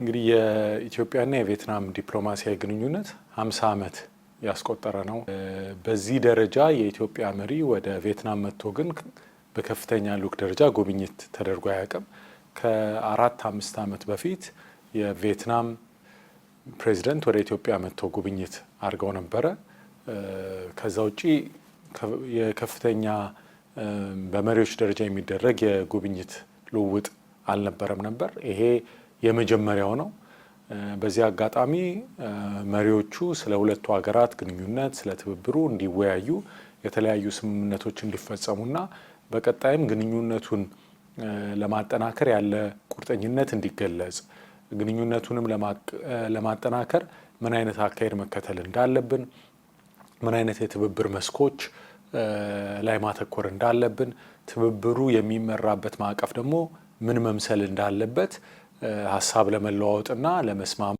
እንግዲህ የኢትዮጵያና የቬትናም ዲፕሎማሲያዊ ግንኙነት 50 ዓመት ያስቆጠረ ነው። በዚህ ደረጃ የኢትዮጵያ መሪ ወደ ቬትናም መጥቶ ግን በከፍተኛ ልዑክ ደረጃ ጉብኝት ተደርጎ አያውቅም። ከአራት አምስት ዓመት በፊት የቬትናም ፕሬዚደንት ወደ ኢትዮጵያ መጥቶ ጉብኝት አድርገው ነበረ። ከዛ ውጪ የከፍተኛ በመሪዎች ደረጃ የሚደረግ የጉብኝት ልውውጥ አልነበረም ነበር ይሄ የመጀመሪያው ነው። በዚህ አጋጣሚ መሪዎቹ ስለ ሁለቱ ሀገራት ግንኙነት፣ ስለ ትብብሩ እንዲወያዩ የተለያዩ ስምምነቶች እንዲፈጸሙና በቀጣይም ግንኙነቱን ለማጠናከር ያለ ቁርጠኝነት እንዲገለጽ ግንኙነቱንም ለማጠናከር ምን አይነት አካሄድ መከተል እንዳለብን፣ ምን አይነት የትብብር መስኮች ላይ ማተኮር እንዳለብን፣ ትብብሩ የሚመራበት ማዕቀፍ ደግሞ ምን መምሰል እንዳለበት ሀሳብ ለመለዋወጥና ለመስማማት